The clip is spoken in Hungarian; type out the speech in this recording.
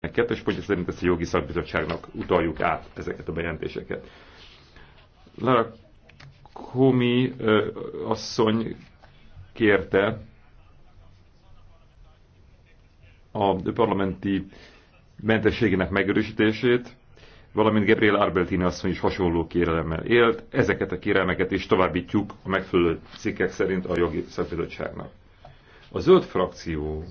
kettős pontja szerint ezt a jogi szakbizottságnak utaljuk át ezeket a bejelentéseket. Lara Komi asszony kérte a parlamenti mentességének megerősítését, valamint Gabriel Arbeltini asszony is hasonló kérelemmel élt. Ezeket a kérelmeket is továbbítjuk a megfelelő cikkek szerint a jogi szakbizottságnak. A zöld frakció